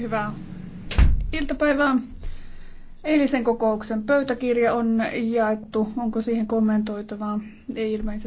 Hyvää iltapäivää. Eilisen kokouksen pöytäkirja on jaettu. Onko siihen kommentoitavaa? Ei ilmeisesti.